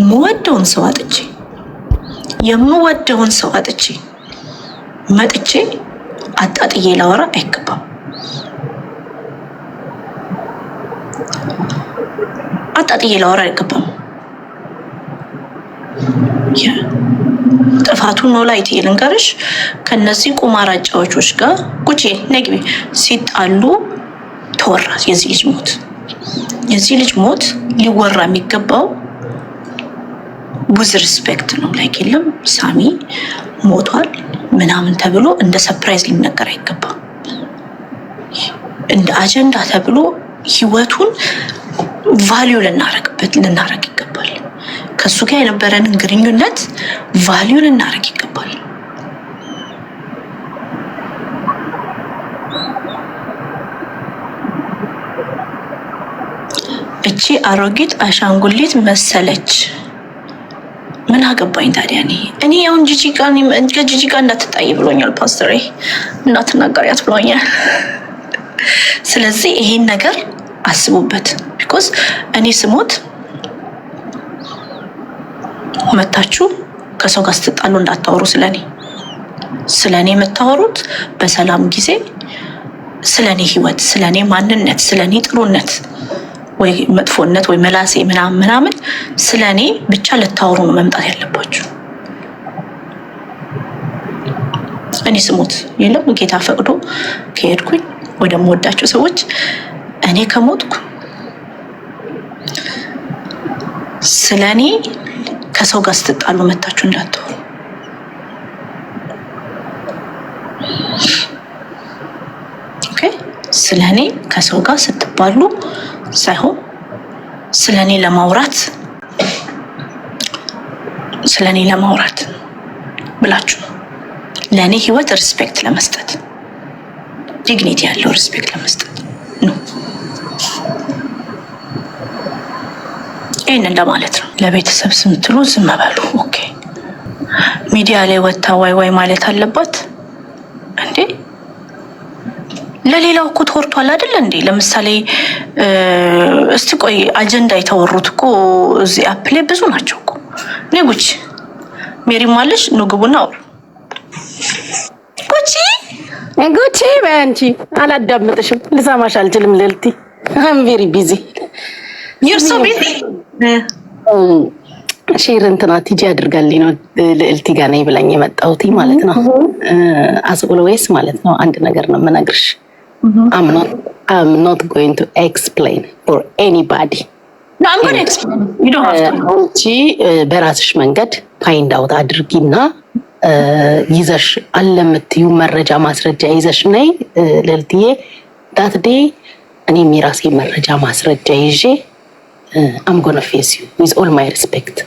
የምወደውን ሰው አጥቼ የምወደውን ሰው አጥቼ መጥቼ አጣጥዬ ላወራ አይገባም። አጣጥዬ ላወራ አይገባም። ጥፋቱ ኖ ላይት ልንገርሽ፣ ከነዚህ ቁማር አጫዋቾች ጋር ቁጭ ነግቢ ሲጣሉ ተወራ። የዚህ ልጅ ሞት የዚህ ልጅ ሞት ሊወራ የሚገባው ውዝ ሪስፔክት ነው ላይክ የለም ሳሚ ሞቷል ምናምን ተብሎ እንደ ሰፕራይዝ ሊነገር አይገባም። እንደ አጀንዳ ተብሎ ህይወቱን ቫሊዩ ልናረግበት ልናረግ ይገባል። ከሱ ጋር የነበረንን ግንኙነት ቫሊዩ ልናረግ ይገባል። እቺ አሮጊት አሻንጉሊት መሰለች። ምን አገባኝ ታዲያ? እኔ እኔ አሁን ከጂጂ ጋር እንዳትጣይ ብሎኛል ፓስተሬ፣ እናትናገሪያት ብሎኛል። ስለዚህ ይሄን ነገር አስቡበት። ቢኮዝ እኔ ስሞት መታችሁ ከሰው ጋር ስትጣሉ እንዳታወሩ ስለኔ እኔ ስለ እኔ የምታወሩት በሰላም ጊዜ ስለ እኔ ህይወት፣ ስለ እኔ ማንነት፣ ስለ እኔ ጥሩነት ወይ መጥፎነት ወይ መላሴ ምናምን ምናምን ስለ እኔ ብቻ ልታወሩ ነው መምጣት ያለባችሁ። እኔ ስሞት የለም ጌታ ፈቅዶ ከሄድኩኝ ወደምወዳቸው ሰዎች እኔ ከሞትኩ ስለ እኔ ከሰው ጋር ስትጣሉ መታችሁ እንዳትሆኑ። ስለ እኔ ከሰው ጋር ስትባሉ ሳይሆን ስለ እኔ ለማውራት ስለ እኔ ለማውራት ብላችሁ ለእኔ ህይወት ሪስፔክት ለመስጠት ዲግኒቲ ያለው ሪስፔክት ለመስጠት ነው። ይህን እንደማለት ነው። ለቤተሰብ ስምትሉ ዝም በሉ። ኦኬ ሚዲያ ላይ ወታ ዋይ ዋይ ማለት አለባት። ለሌላው እኮ ተወርቷል አይደለ እንዴ? ለምሳሌ እስቲ ቆይ አጀንዳ የተወሩት እኮ እዚህ አፕ ላይ ብዙ ናቸው እኮ እኔ ጉቺ ሜሪ ማለሽ ኑ ግቡና አውሩ። ጉቺ ጉቺ በንቺ አላዳምጥሽም፣ ልሰማሽ አልችልም። ልልቲ አም ቬሪ ቢዚ ዩርሶ ቢዚ ሼር እንትና ቲጂ አድርጋልኝ ነው ልዕልቲ ጋር ነኝ ብላኝ የመጣሁት ማለት ነው። አስቁሎ ወይስ ማለት ነው አንድ ነገር ነው የምነግርሽ Mm-hmm. I'm not. I'm not going to explain for anybody. No, I'm going to explain. You don't have to. Uh, አንቺ uh, በራስሽ መንገድ ፋይንድ አውት አድርጊና uh, ይዘሽ አለምትዩ መረጃ ማስረጃ ይዘሽ ነይ ልልትዬ ዳት ዴይ እኔም የራሴ መረጃ ማስረጃ ይዤ አም ጎነ ፌስ ዩ ዊዝ ኦል ማይ ሪስፔክት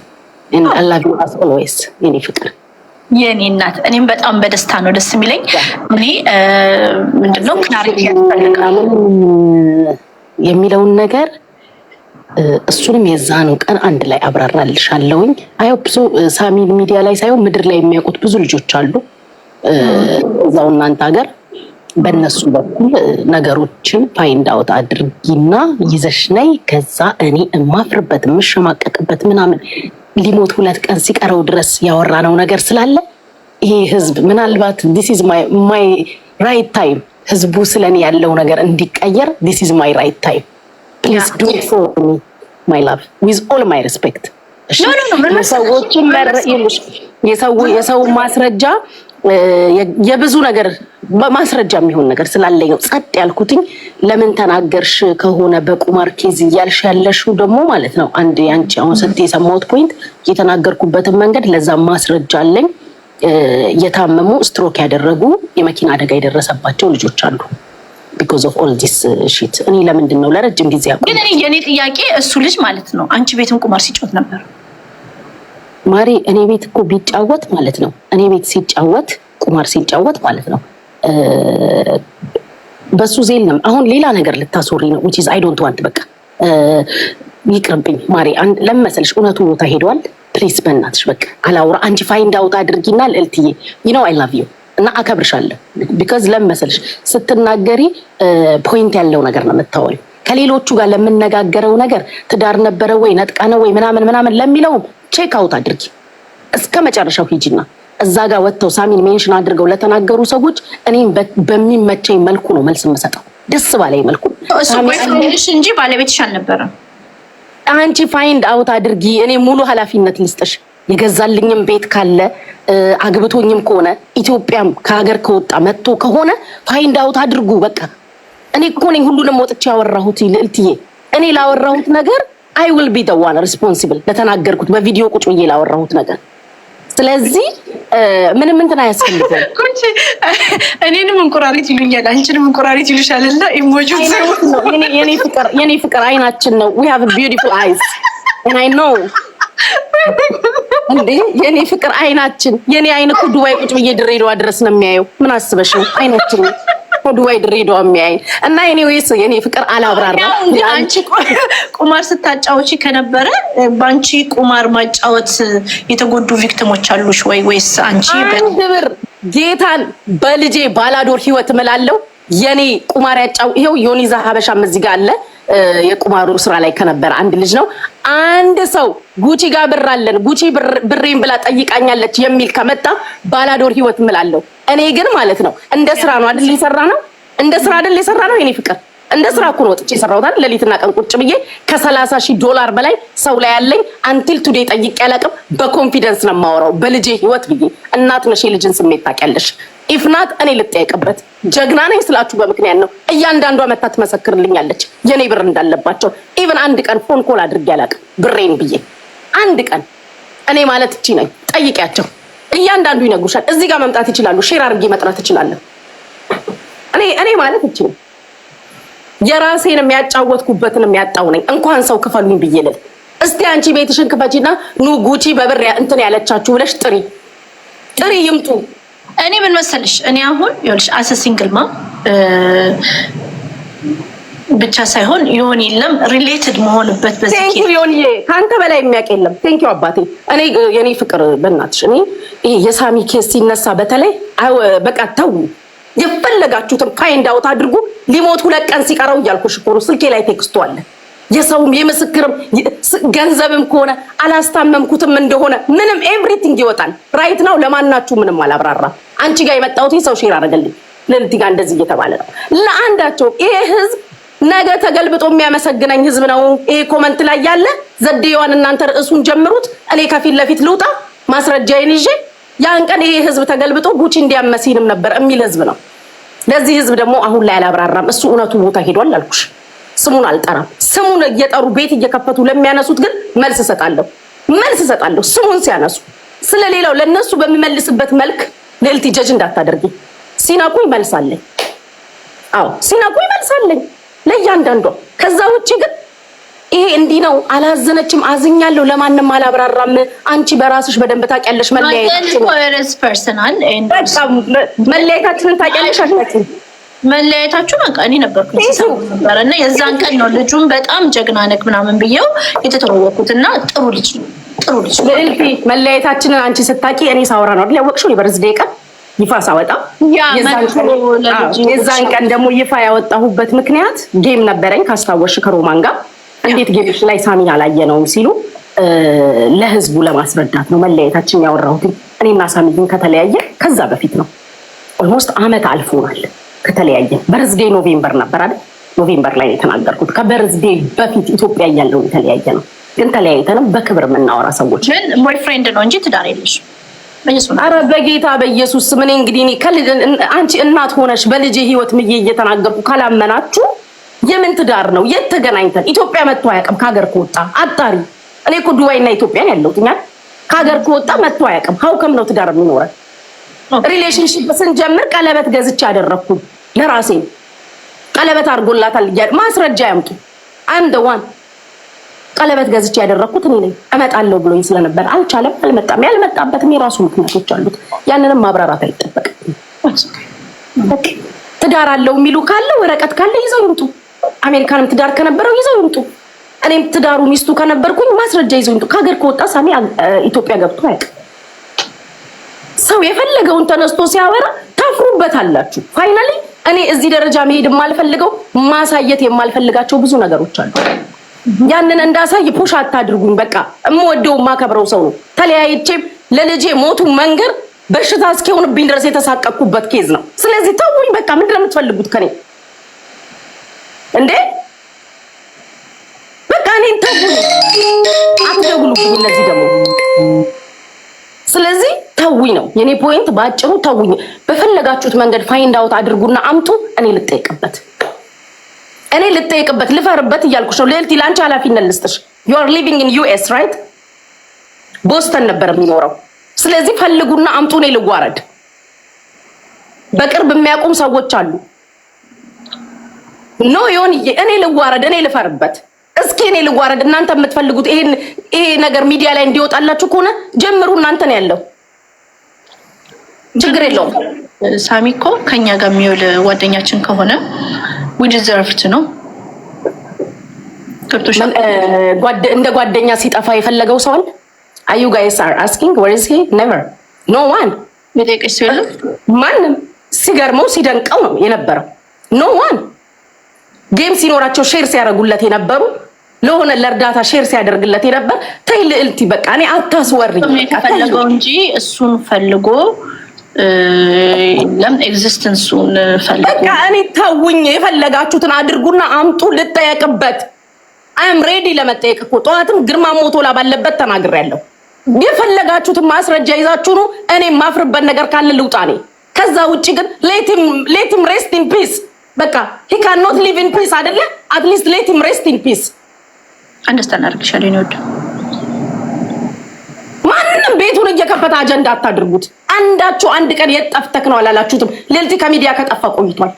ኤንድ አስ ኦልዌይስ የኔ ፍቅር የኔ እናት እኔም በጣም በደስታ ነው ደስ የሚለኝ። እኔ ምንድነው ክላሪቲ ያስፈልጋል የሚለውን ነገር እሱንም የዛኑ ቀን አንድ ላይ አብራራልሻለሁኝ። አየው ብዙ ሳሚ ሚዲያ ላይ ሳይሆን ምድር ላይ የሚያውቁት ብዙ ልጆች አሉ እዛው እናንተ ሀገር። በእነሱ በኩል ነገሮችን ፋይንድ አውት አድርጊና ይዘሽ ነይ። ከዛ እኔ እማፍርበት የምሸማቀቅበት ምናምን ሊሞት ሁለት ቀን ሲቀረው ድረስ ያወራነው ነገር ስላለ ይሄ ህዝብ ምናልባት ዲስ ኢዝ ማይ ራይት ታይም ህዝቡ ስለኔ ያለው ነገር እንዲቀየር ዲስ ኢዝ ማይ ራይት ታይም ፕሊዝ ዱ ፎር ሚ ማይ ላቭ ዊዝ ኦል ማይ የሰው ማስረጃ የብዙ ነገር በማስረጃ የሚሆን ነገር ስላለኝ ነው ጸጥ ያልኩትኝ። ለምን ተናገርሽ ከሆነ በቁማር ኬዝ እያልሽ ያለሽው ደግሞ ማለት ነው። አንድ አንቺ አሁን ስትይ የሰማሁት ፖይንት የተናገርኩበትን መንገድ ለዛ ማስረጃ አለኝ። የታመሙ ስትሮክ ያደረጉ የመኪና አደጋ የደረሰባቸው ልጆች አሉ። ቢኮዝ ኦፍ ኦል ዲስ ሺት እኔ ለምንድን ነው ለረጅም ጊዜ ግን እኔ የእኔ ጥያቄ እሱ ልጅ ማለት ነው አንቺ ቤትን ቁማር ሲጮት ነበር ማሪ። እኔ ቤት እኮ ቢጫወት ማለት ነው እኔ ቤት ሲጫወት ቁማር ሲጫወት ማለት ነው በሱ ዜለም አሁን ሌላ ነገር ልታስወሪ ነው። ዊች ኢዝ አይ ዶንት ዋንት በቃ ይቅርብኝ ማሬ። ለመሰልሽ እውነቱ ቦታ ሄደዋል። ፕሊስ በእናትሽ በቃ አላውራ። አንቺ ፋይንድ አውት አድርጊና ልዕልትዬ ዩ ኖው አይ ላቭ ዩ እና አከብርሻለሁ። ቢካዝ ለመሰልሽ ስትናገሪ ፖይንት ያለው ነገር ነው የምታወሪው። ከሌሎቹ ጋር ለምነጋገረው ነገር ትዳር ነበረ ወይ ነጥቃ ነው ወይ ምናምን ምናምን ለሚለው ቼክ አውት አድርጊ። እስከ መጨረሻው ሂጂና እዛ ጋር ወጥተው ሳሚን ሜንሽን አድርገው ለተናገሩ ሰዎች እኔም በሚመቸኝ መልኩ ነው መልስ የምሰጠው፣ ደስ ባላይ መልኩ እንጂ ባለቤትሽ አልነበረም። አንቺ ፋይንድ አውት አድርጊ። እኔ ሙሉ ኃላፊነት ልስጥሽ። የገዛልኝም ቤት ካለ አግብቶኝም ከሆነ ኢትዮጵያም ከሀገር ከወጣ መጥቶ ከሆነ ፋይንድ አውት አድርጉ። በቃ እኔ እኮ ነኝ ሁሉንም ወጥቼ ያወራሁት ልዕልትዬ። እኔ ላወራሁት ነገር አይ ዊል ቢ ዘ ሪስፖንሲብል ለተናገርኩት በቪዲዮ ቁጭ ብዬ ላወራሁት ነገር ስለዚህ ምንም እንትን አያስፈልግም። እኔንም እንቁራሪት ይሉኛል፣ አንቺንም እንቁራሪት ይሉሻል። እና ኢሞጆ የኔ ፍቅር አይናችን ነው። ዊ ሃቭ ቢዩቲፉል አይስ ኤንድ አይ ኖ እንዴ የኔ ፍቅር አይናችን። የኔ አይን እኮ ዱባይ ቁጭ ብዬ ድሬዳዋ ድረስ ነው የሚያየው። ምን አስበሽ ነው? አይናችን ነው ከዱባይ ድሬዳዋ የሚያይ እና የኔ ወይስ የኔ ፍቅር አላብራራ። አንቺ ቁማር ስታጫወቺ ከነበረ በአንቺ ቁማር ማጫወት የተጎዱ ቪክቲሞች አሉሽ ወይ ወይስ አንቺ አንድ ብር ጌታን በልጄ ባላዶር ህይወት እምላለው የኔ ቁማር ያጫው ይኸው ዮኒዛ ሀበሻም እዚህ ጋር አለ። የቁማሩ ስራ ላይ ከነበረ አንድ ልጅ ነው። አንድ ሰው ጉቺ ጋር ብር አለን ጉቺ ብሬን ብላ ጠይቃኛለች የሚል ከመጣ ባላዶር ህይወት እምላለሁ። እኔ ግን ማለት ነው እንደ ስራ ነው አይደል የሰራ ነው እንደ ስራ አይደል የሰራ ነው የኔ ፍቅር እንደ ስራ እኮ ነው ወጥቼ የሰራሁት አይደል ሌሊትና ቀን ቁጭ ብዬ ከሰላሳ ሺህ ዶላር በላይ ሰው ላይ ያለኝ አንቲል ቱዴ ጠይቄ አላቅም በኮንፊደንስ ነው የማወራው በልጄ ህይወት ብዬ እናት ነሽ የልጅን ስሜት ታውቂያለሽ ኢፍናት እኔ ልጠየቅበት ጀግና ነኝ ስላችሁ በምክንያት ነው እያንዳንዷ መታ ትመሰክርልኛለች የኔ ብር እንዳለባቸው ኢቨን አንድ ቀን ፎን ኮል አድርጌ አላቅም ብሬን ብዬ አንድ ቀን እኔ ማለት እቺ ነኝ ጠይቂያቸው እያንዳንዱ ይነግሩሻል። እዚህ ጋር መምጣት ይችላሉ። ሼር አድርጌ መጥራት እችላለሁ። እኔ እኔ ማለት እቺ የራሴን የሚያጫወትኩበትን የሚያጣው ነኝ። እንኳን ሰው ክፈሉኝ ብዬ ልል እስቲ አንቺ ቤትሽን ክፈቺና ኑ ጉቺ በብር እንትን ያለቻችሁ ብለሽ ጥሪ ጥሪ ይምጡ። እኔ ምን መሰለሽ፣ እኔ አሁን ይኸውልሽ አሰ ሲንግል ማ ብቻ ሳይሆን ይሆን የለም ሪሌትድ መሆንበት በዚህ ከአንተ በላይ የሚያውቅ የለም። ቴንኪው አባቴ። እኔ የኔ ፍቅር በእናትሽ እኔ የሳሚ ኬስ ሲነሳ በተለይ በቃ ተው የፈለጋችሁትን ፋይንድ አውት አድርጉ። ሊሞት ሁለት ቀን ሲቀረው እያልኩሽ እኮ ነው። ስልኬ ላይ ቴክስቱ አለ። የሰውም የምስክርም ገንዘብም ከሆነ አላስታመምኩትም እንደሆነ ምንም ኤቭሪቲንግ ይወጣል። ራይት ነው። ለማናችሁ ምንም አላብራራም። አንቺ ጋር የመጣሁት ሰው ሼር አደረገልኝ። ልልቲ ጋር እንደዚህ እየተባለ ነው ለአንዳቸው ይሄ ህዝብ ነገ ተገልብጦ የሚያመሰግነኝ ህዝብ ነው። ይሄ ኮመንት ላይ ያለ ዘዴዋን እናንተ ርዕሱን ጀምሩት። እኔ ከፊት ለፊት ልውጣ ማስረጃዬን ይዤ። ያን ቀን ይሄ ህዝብ ተገልብጦ ጉቺ እንዲያመሲንም ነበር የሚል ህዝብ ነው። ለዚህ ህዝብ ደግሞ አሁን ላይ አላብራራም። እሱ እውነቱ ቦታ ሄዷል አልኩሽ። ስሙን አልጠራም። ስሙን እየጠሩ ቤት እየከፈቱ ለሚያነሱት ግን መልስ እሰጣለሁ፣ መልስ እሰጣለሁ። ስሙን ሲያነሱ ስለሌላው ለነሱ በሚመልስበት መልክ ልዕልት ጀጅ እንዳታደርጊ። ሲናቁ ይመልሳለኝ። አዎ ሲናቁ ይመልሳለኝ። ለእያንዳንዷ። ከዛ ውጭ ግን ይሄ እንዲህ ነው አላዘነችም፣ አዝኛለሁ፣ ለማንም አላብራራም። አንቺ በራስሽ በደንብ ታውቂያለሽ። መለያየታችንን ታውቂያለሽ አላችሁ መለያየታችሁ በቃ እኔ ነበርኩኝ ነበር እና የዛን ቀን ነው ልጁን በጣም ጀግና ነክ ምናምን ብየው የተተወኩት እና ጥሩ ልጅ ጥሩ ልጅ ልዕልቲ መለያየታችንን አንቺ ስታቂ እኔ ሳውራ ነው ያወቅሽው የበርዝ ደቂቃ ይፋ ሳወጣ የዛን ቀን ደግሞ ይፋ ያወጣሁበት ምክንያት ጌም ነበረኝ ካስታወሽ ከሮማን ጋር እንዴት ጌምሽ ላይ ሳሚ ያላየ አላየነውም ሲሉ ለህዝቡ ለማስረዳት ነው መለያየታችን ያወራሁት። እኔና ሳሚ ግን ከተለያየ ከዛ በፊት ነው፣ ኦልሞስት አመት አልፎናል ከተለያየ። በርዝዴ ኖቬምበር ነበር አይደል? ኖቬምበር ላይ የተናገርኩት ከበርዝዴ በፊት ኢትዮጵያ እያለው የተለያየ ነው። ግን ተለያይተንም በክብር የምናወራ ሰዎች፣ ግን ቦይፍሬንድ ነው እንጂ ትዳር የለሽም አረ በጌታ በኢየሱስ ምን እንግዲህ እኔ አንቺ እናት ሆነሽ በልጄ ህይወት ምዬ እየተናገርኩ ካላመናችሁ የምን ትዳር ነው? የት ተገናኝተን? ኢትዮጵያ መጥቶ አያውቅም። ከሀገር ከወጣ አጣሪ እኔ እኮ ዱባይና ኢትዮጵያን ያለሁት እኛ ከሀገር ከወጣ መጥቶ አያውቅም። ሀውከም ነው ትዳር የሚኖረን? ሪሌሽንሽፕ ስንጀምር ቀለበት ገዝቼ አደረግኩ ለራሴ ቀለበት አድርጎላታል። ማስረጃ ያምጡ አንድ ዋን ቀለበት ገዝቼ ያደረግኩት እኔ ነኝ። እመጣለሁ ብሎኝ ስለነበር አልቻለም፣ አልመጣም። ያልመጣበትም የራሱ ምክንያቶች አሉት። ያንንም ማብራራት አይጠበቅም። ትዳር አለው የሚሉ ካለ ወረቀት ካለ ይዘው ይምጡ። አሜሪካንም ትዳር ከነበረው ይዘው ይምጡ። እኔም ትዳሩ ሚስቱ ከነበርኩኝ ማስረጃ ይዘው ይምጡ። ከሀገር ከወጣ ሳሚ ኢትዮጵያ ገብቶ አያውቅም። ሰው የፈለገውን ተነስቶ ሲያወራ ታፍሩበት አላችሁ። ፋይናሊ እኔ እዚህ ደረጃ መሄድ የማልፈልገው ማሳየት የማልፈልጋቸው ብዙ ነገሮች አሉ። ያንን እንዳሳይ ፑሽ አታድርጉኝ። በቃ እምወደው የማከብረው ሰው ነው። ተለያይቼ ለልጄ ሞቱ መንገር በሽታ እስኪሆንብኝ ድረስ የተሳቀቅኩበት ኬዝ ነው። ስለዚህ ተውኝ በቃ። ምንድን ነው የምትፈልጉት ከኔ እንዴ? በቃ እኔን ተውኝ፣ አትደውሉብኝ። እነዚህ ደግሞ ስለዚህ ተውኝ ነው የኔ ፖይንት በአጭሩ። ተውኝ በፈለጋችሁት መንገድ ፋይንድ አውት አድርጉና አምጡ፣ እኔ ልጠይቅበት እኔ ልጠይቅበት ልፈርበት እያልኩሽ ነው። ልዕልት ለአንቺ ኃላፊነት ልስጥሽ። ዩ አር ሊቪንግ ኢን ዩኤስ ራይት? ቦስተን ነበር የሚኖረው። ስለዚህ ፈልጉና አምጡ፣ እኔ ልዋረድ። በቅርብ የሚያውቁም ሰዎች አሉ። ኖ ዮንዬ፣ እኔ ልዋረድ፣ እኔ ልፈርበት። እስኪ እኔ ልዋረድ። እናንተ የምትፈልጉት ይሄ ነገር ሚዲያ ላይ እንዲወጣላችሁ ከሆነ ጀምሩ። እናንተ ነው ያለው፣ ችግር የለውም። ሳሚ እኮ ከኛ ጋር የሚውል ጓደኛችን ከሆነ ዲዘርቭድ ነው። እንደ ጓደኛ ሲጠፋ የፈለገው ሰው አለ? አዩ ጋይስ አር አስኪንግ ዌር ኢዝ ሂ ኔቨር ኖ ዋን ማንም ሲገርመው ሲደንቀው ነው የነበረው። ኖ ዋን ጌም ሲኖራቸው ሼር ሲያደርጉለት የነበሩ ለሆነ ለእርዳታ ሼር ሲያደርግለት የነበር ተይ ልዕልቲ፣ በቃ እኔ አታስወሪ። ፈለገው እንጂ እሱን ፈልጎ ለምን ኤግዚስተንሱን ፈልጉ። እኔ ተውኝ፣ የፈለጋችሁትን አድርጉና አምጡ ልጠየቅበት። አይም ሬዲ ለመጠየቅ እኮ ጠዋትም ግርማ ሞቶላ ባለበት ተናግሬያለሁ። የፈለጋችሁትን ማስረጃ ይዛችሁ ነው። እኔ የማፍርበት ነገር ካለ ልውጣ ኔ ከዛ ውጭ ግን ሌትም ሬስት ኢን ፒስ በቃ ሂ ካን ኖት ሊቭ ኢን ፒስ አደለ? አትሊስት ሌትም ሬስት ኢን ፒስ አንደርስታንድ አድርግሻለሁ። ማንም ቤቱን እየከፈተ አጀንዳ አታድርጉት። አንዳችሁ አንድ ቀን የት ጠፍተክ ነው አላላችሁትም። ሌልቲ ከሚዲያ ከጠፋ ቆይቷል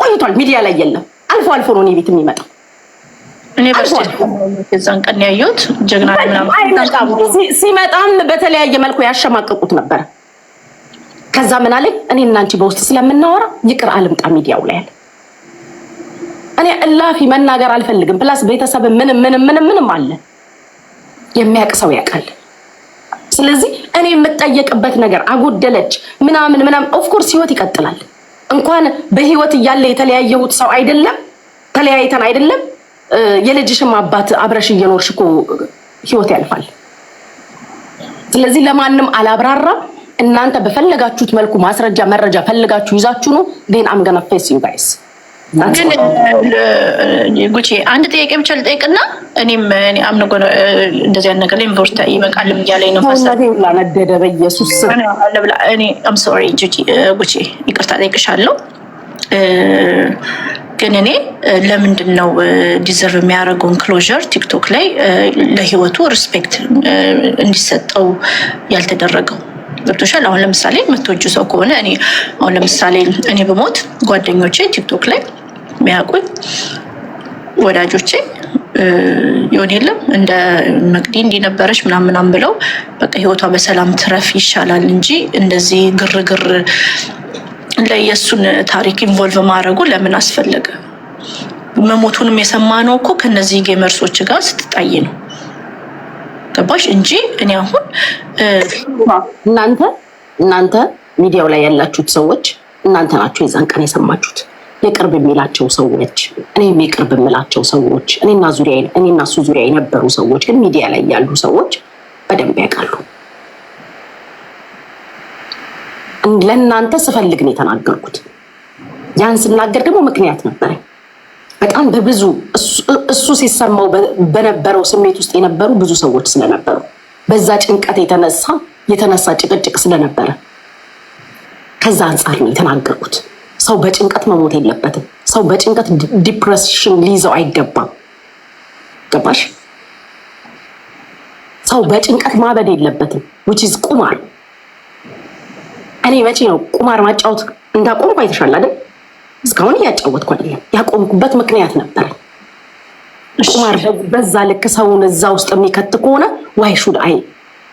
ቆይቷል። ሚዲያ ላይ የለም። አልፎ አልፎ ነው እኔ ቤት የሚመጣው። እኔ በዛን ቀን ያየሁት ጀግና ሲመጣም በተለያየ መልኩ ያሸማቀቁት ነበር። ከዛ ምን አለኝ እኔ እናንቺ በውስጥ ስለምናወራ ይቅር አልምጣ ሚዲያው ላይ አለ። እኔ እላፊ መናገር አልፈልግም። ፕላስ ቤተሰብ ምንም ምንም ምንም ምንም አለ የሚያውቅ ሰው ያውቃል። ስለዚህ እኔ የምጠየቅበት ነገር አጎደለች ምናምን ምናምን። ኦፍኮርስ ህይወት ይቀጥላል። እንኳን በህይወት እያለ የተለያየሁት ሰው አይደለም ተለያይተን አይደለም የልጅሽም አባት አብረሽ እየኖርሽ እኮ ህይወት ያልፋል። ስለዚህ ለማንም አላብራራም። እናንተ በፈለጋችሁት መልኩ ማስረጃ መረጃ ፈልጋችሁ ይዛችሁ ነው ዴን አምገና ፌስ ዩ ጋይስ ግን ጉቼ አንድ ጥያቄ ብቻ ልጠይቅና እኔም አምነ እንደዚህ አይነት ነገር ላይ ዩኒቨርስቲ ይበቃልም እያለኝ ነው። ላነደደ በኢየሱስ ሶሪ ጉቼ ይቅርታ ጠይቅሻለሁ። ግን እኔ ለምንድን ነው ዲዘርቭ የሚያደርገውን ክሎዥር ቲክቶክ ላይ ለህይወቱ ሪስፔክት እንዲሰጠው ያልተደረገው? ገብቶሻል። አሁን ለምሳሌ መቶጁ ሰው ከሆነ እኔ አሁን ለምሳሌ እኔ በሞት ጓደኞቼ ቲክቶክ ላይ የሚያውቁኝ ወዳጆቼ ይሆን የለም እንደ መቅዲ እንዲነበረች ምናምን ምናምን ብለው በቃ ህይወቷ በሰላም ትረፍ ይሻላል እንጂ እንደዚህ ግርግር ለየእሱን ታሪክ ኢንቮልቭ ማድረጉ ለምን አስፈለገ? መሞቱንም የሰማ ነው እኮ ከነዚህ ጌመርሶች ጋር ስትጣይ ነው ገባሽ? እንጂ እኔ አሁን እናንተ እናንተ ሚዲያው ላይ ያላችሁት ሰዎች እናንተ ናችሁ የዛን ቀን የሰማችሁት። የቅርብ የሚላቸው ሰዎች እኔም የቅርብ የምላቸው ሰዎች እኔና ዙሪያ እኔና እሱ ዙሪያ የነበሩ ሰዎች ግን ሚዲያ ላይ ያሉ ሰዎች በደንብ ያውቃሉ። ለእናንተ ስፈልግ ነው የተናገርኩት። ያን ስናገር ደግሞ ምክንያት ነበረ። በጣም በብዙ እሱ ሲሰማው በነበረው ስሜት ውስጥ የነበሩ ብዙ ሰዎች ስለነበሩ በዛ ጭንቀት የተነሳ የተነሳ ጭቅጭቅ ስለነበረ ከዛ አንጻር ነው የተናገርኩት። ሰው በጭንቀት መሞት የለበትም። ሰው በጭንቀት ዲፕሬሽን ሊይዘው አይገባም። ገባሽ? ሰው በጭንቀት ማበድ የለበትም። ዊች ኢዝ ቁማር። እኔ መቼ ነው ቁማር ማጫወት እንዳቆምኩ አይተሻል አይደል? እስካሁን እያጫወትኩ አይደለም። ያቆምኩበት ምክንያት ነበር። ቁማር በዛ ልክ ሰውን እዛ ውስጥ የሚከት ከሆነ ዋይ ሹድ አይ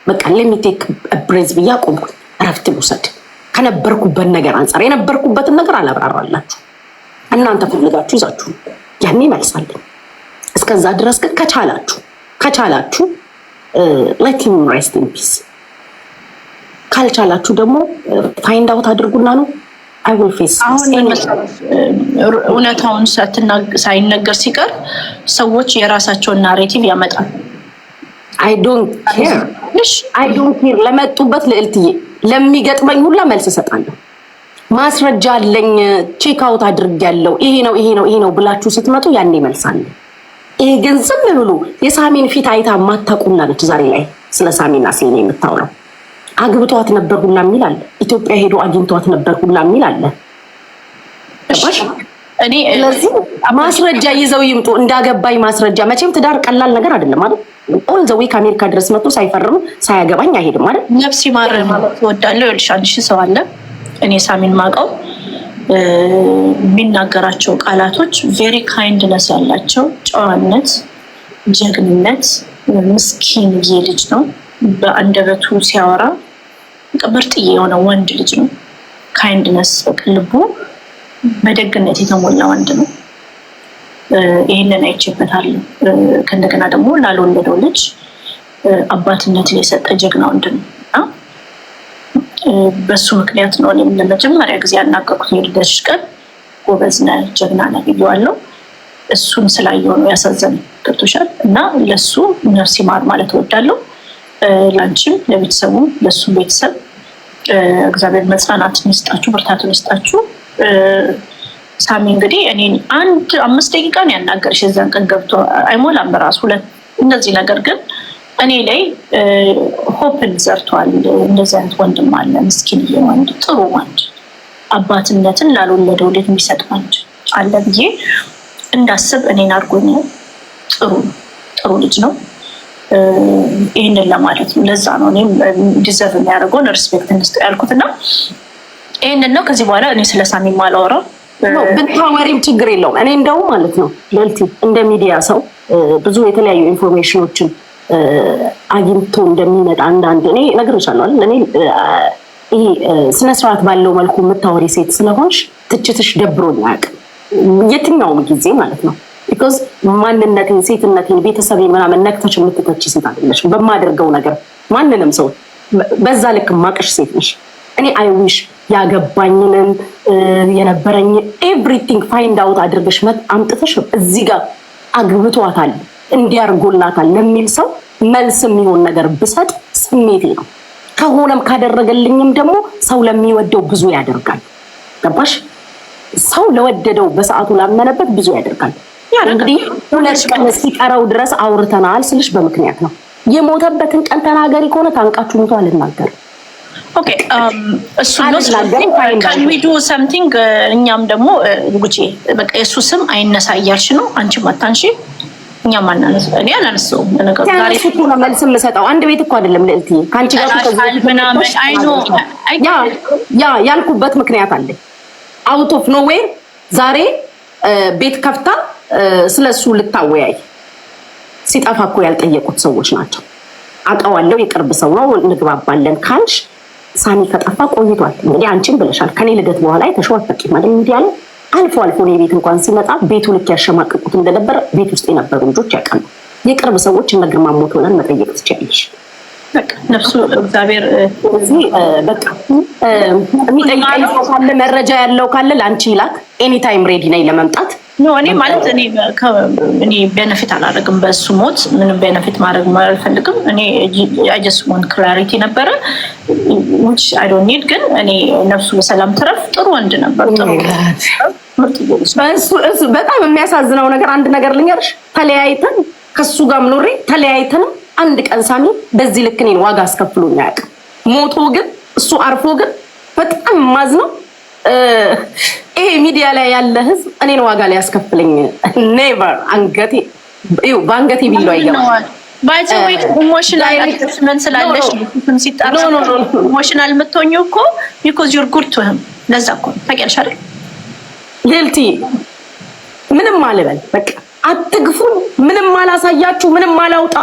በቃ ለሚቴክ ብሬዝ ብዬ አቆምኩኝ። እረፍት ውሰድ። ከነበርኩበት ነገር አንጻር የነበርኩበትን ነገር አላብራራላችሁ። እናንተ ፈልጋችሁ ይዛችሁ ያኔ ይመልሳለን። እስከዛ ድረስ ግን ከቻላችሁ ከቻላችሁ ሌት ሂም ሬስት ኢን ፒስ፣ ካልቻላችሁ ደግሞ ፋይንድ አውት አድርጉና ነው እውነታውን ሳይነገር ሲቀር ሰዎች የራሳቸውን ናሬቲቭ ያመጣል። አይ ዶንት ኬር ለመጡበት ልዕልትዬ ለሚገጥመኝ ሁላ መልስ እሰጣለሁ። ማስረጃ አለኝ፣ ቼክ አውት ያለው ይሄ ነው ይሄ ነው ይሄ ነው ብላችሁ ስትመጡ ያኔ መልሳለሁ። ይሄ ግን ዝም ብሎ የሳሚን ፊት አይታ ማታውቁና ነች። ዛሬ ላይ ስለ ሳሚና ስለ የምታውለው አግብቷት ነበር ሁላ የሚል አለ። ኢትዮጵያ ሄዶ አግኝቷት ነበር ሁላ የሚል አለ። እኔ ማስረጃ ይዘው ይምጡ፣ እንዳገባኝ ማስረጃ። መቼም ትዳር ቀላል ነገር አይደለም ማለት ኦል ዘ ዌይ ከአሜሪካ ድረስ መጥቶ ሳይፈርም ሳያገባኝ አይሄድም ማለት ነፍስ ይማር ማለት እወዳለሁ። ይኸውልሽ አንድ ሺህ ሰው አለ እኔ ሳሚን ማቀው የሚናገራቸው ቃላቶች ቬሪ ካይንድነስ ያላቸው ጨዋነት፣ ጀግንነት። ምስኪን ልጅ ነው። በአንደበቱ ሲያወራ ምርጥዬ የሆነ ወንድ ልጅ ነው። ካይንድነስ በቅልቡ በደግነት የተሞላ ወንድ ነው። ይህንን አይቼበታለሁ። ከእንደገና ደግሞ ላልወለደው ልጅ አባትነትን የሰጠ ጀግና ወንድ ነው እና በሱ ምክንያት ነው እኔም ለመጀመሪያ ጊዜ ያናገርኩት የልደሽ ቀን ጎበዝ ነህ፣ ጀግና ነህ ብዬዋለሁ። እሱን ስላየው ነው ያሳዘን። ገብቶሻል። እና ለሱ ነፍስ ይማር ማለት እወዳለሁ። ለአንቺም፣ ለቤተሰቡ፣ ለእሱም ቤተሰብ እግዚአብሔር መጽናናትን ይስጣችሁ፣ ብርታቱን ይስጣችሁ። ሳሚ እንግዲህ እኔን አንድ አምስት ደቂቃ ነው ያናገርሽ። የዛን ቀን ገብቶ አይሞላም በራሱ ሁለት እነዚህ ነገር ግን እኔ ላይ ሆፕን ዘርቷል። እንደዚህ አይነት ወንድም አለ፣ ምስኪን ወንድ፣ ጥሩ ወንድ፣ አባትነትን ላልወለደው ልጅ የሚሰጥ ወንድ አለ ብዬ እንዳስብ እኔን አድርጎኛል። ጥሩ ጥሩ ልጅ ነው። ይህንን ለማለት ነው። ለዛ ነው እኔም ዲዘርቭ የሚያደርገውን ሪስፔክት እንስጥ ያልኩት እና ይህንን ነው ከዚህ በኋላ እኔ ስለ ሳሚ የማላወራው። ብታወሪም ችግር የለውም። እኔ እንደውም ማለት ነው በልቲ እንደ ሚዲያ ሰው ብዙ የተለያዩ ኢንፎርሜሽኖችን አግኝቶ እንደሚመጣ አንዳንድ እኔ እነግርሻለሁ አይደል እኔ ይሄ ስነስርዓት ባለው መልኩ የምታወሪ ሴት ስለሆንሽ ትችትሽ ደብሮኝ አያውቅም። የትኛውም ጊዜ ማለት ነው ቢኮዝ ማንነቴን፣ ሴትነቴን፣ ቤተሰብ ምናምን ነክተሽ የምትተች ሴት አይደለሽም። በማደርገው ነገር ማንንም ሰው በዛ ልክ ማቅሽ ሴት ነሽ። እኔ አይዊሽ ያገባኝንም የነበረኝ ኤቭሪቲንግ ፋይንድ አውት አድርገሽ መት አምጥተሽ እዚህ ጋር አግብቷታል እንዲያርጎላታል ለሚል ሰው መልስ የሚሆን ነገር ብሰጥ ስሜቴ ነው። ከሆነም ካደረገልኝም ደግሞ ሰው ለሚወደው ብዙ ያደርጋል። ገባሽ? ሰው ለወደደው በሰዓቱ ላመነበት ብዙ ያደርጋል። እንግዲህ ሁለት ቀን ሲቀረው ድረስ አውርተናል ስልሽ በምክንያት ነው። የሞተበትን ቀን ተናገሪ ከሆነ ታንቃችሁ ሙቶ አልናገርም። ኦኬ እሱ ነው ሰምቲንግ እኛም ደግሞ ጉቼ በቃ የእሱ ስም አይነሳ እያልሽ ነው አንቺም አታንሺ እኛም አናነሳ እኔ መልስ የምሰጠው አንድ ቤት እኮ አይደለም ልዕልት ከአንቺ ጋር ያ ያልኩበት ምክንያት አለ አውት ኦፍ ኖዌር ዛሬ ቤት ከፍታ ስለ እሱ ልታወያይ ሲጠፋ እኮ ያልጠየቁት ሰዎች ናቸው አውቀዋለሁ የቅርብ ሰው ነው እንግባባለን ካልሽ ሳሚ ከጠፋ ቆይቷል። እንግዲህ አንቺን ብለሻል ከኔ ልደት በኋላ የተሸው አታውቂም አይደል? ሚዲያ ያለ አልፎ አልፎ ነው የቤት እንኳን ሲመጣ ቤቱ ልክ ያሸማቀቁት እንደነበረ ቤት ውስጥ የነበሩ ልጆች ያውቃሉ። የቅርብ ሰዎች እነ ግርማ ሞት ሆነን መጠየቅ ትችያለሽ። ነፍሱ እግዚአብሔር እዚህ በቃ የሚጠይቀኝ ካለ መረጃ ያለው ካለ ለአንቺ ይላክ። ኤኒታይም ሬዲ ነኝ ለመምጣት ነው። እኔ ማለት እኔ እኔ ቤነፊት አላደርግም በእሱ ሞት ምንም ቤነፊት ማድረግ አልፈልግም። እኔ ጀስሞን ክላሪቲ ነበረ ውጭ አይዶን ኒድ ግን እኔ ነፍሱ በሰላም ትረፍ። ጥሩ ወንድ ነበር። ጥሩ oh በጣም የሚያሳዝነው ነገር አንድ ነገር ልንገርሽ፣ ተለያይተን ከሱ ጋር ምኖሬ ተለያይተን አንድ ቀን ሳሚ በዚህ ልክ እኔን ዋጋ አስከፍሎኝ አያውቅም። ሞቶ ግን እሱ አርፎ ግን በጣም ማዝነው ይሄ ሚዲያ ላይ ያለ ህዝብ እኔን ዋጋ ላይ ያስከፍለኝ ኔቨር። አንገቴ ይው በአንገቴ ቢለው አይገባም። ባይዘዌ ኢሞሽናል አታችመንት ስላለሽ ሲጣራ ኢሞሽናል የምትሆኙ እኮ ቢኮዝ ዩር ጉድ ቱ ህም። ለዛ እኮ ታውቂያለሽ አይደል ልልቲ ምንም አልበል፣ በቃ አትግፉ፣ ምንም አላሳያችሁ፣ ምንም አላውጣ፣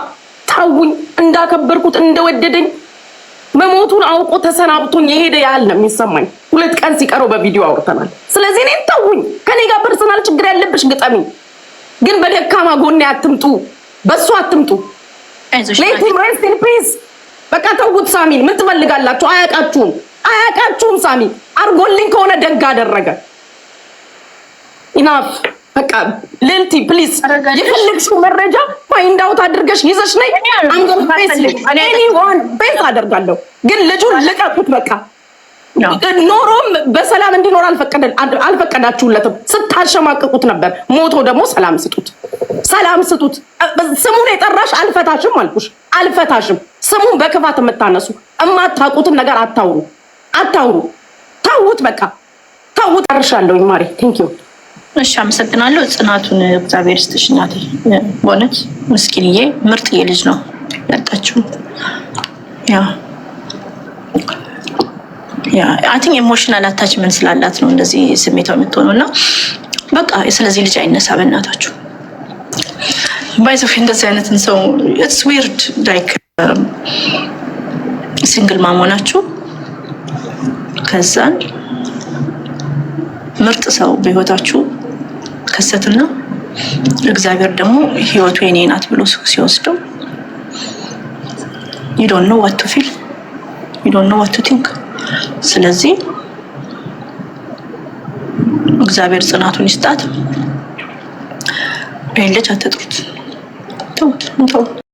ታውኝ እንዳከበርኩት እንደወደደኝ መሞቱን አውቆ ተሰናብቶኝ የሄደ ያህል ነው የሚሰማኝ። ሁለት ቀን ሲቀረው በቪዲዮ አውርተናል። ስለዚህ እኔን ተውኝ። ከኔ ጋር ፐርሰናል ችግር ያለብሽ ግጠሚ፣ ግን በደካማ ጎኔ አትምጡ፣ በሱ አትምጡ። ሌቲስ በቃ ተውት። ሳሚን ምን ትፈልጋላችሁ? አያቃችሁም፣ አያቃችሁም። ሳሚ አርጎልኝ ከሆነ ደግ አደረገ። ኢናፍ በቃ ልልቲ ፕሊዝ የፈለግሽው መረጃ ፋይንድ አውት አድርገሽ ይዘሽ ነይ። አንገን ቤት አደርጋለሁ፣ ግን ልጁን ልቀቁት። በቃ ኖሮም በሰላም እንዲኖር አልፈቀዳችሁለትም። ስታሸማቅቁት ነበር። ሞቶ ደግሞ ሰላም ስጡት፣ ሰላም ስጡት። ስሙን የጠራሽ አልፈታሽም አልኩሽ፣ አልፈታሽም። ስሙን በክፋት የምታነሱ እማታውቁትን ነገር አታውሩ፣ አታውሩ። ተዉት፣ በቃ ተዉት። ጨርሻለሁኝ ማሬ ቴንኪው እሺ አመሰግናለሁ። ጽናቱን እግዚአብሔር ይስጥሽ እናቴ። በእውነት ምስኪንዬ ምርጥ የልጅ ነው ያጣችው። ያ አይ ቲንክ ኢሞሽናል አታችመንት ስላላት ነው እንደዚህ ስሜታው የምትሆነው እና በቃ ስለዚህ ልጅ አይነሳ በእናታችሁ ባይዘፍ እንደዚህ አይነትን ሰው ኢትስ ዊርድ ላይክ ሲንግል ማሞናችሁ ከዛን ምርጥ ሰው በህይወታችሁ ይከሰትና እግዚአብሔር ደግሞ ህይወቱ የኔ ናት ብሎ ሲወስደው ዩዶን ነው ዋቱ ፊል ዩዶን ነው ዋቱ ቲንክ። ስለዚህ እግዚአብሔር ጽናቱን ይስጣት። ይህን ልጅ አትጥሩት፣ ተውት፣ ተውት።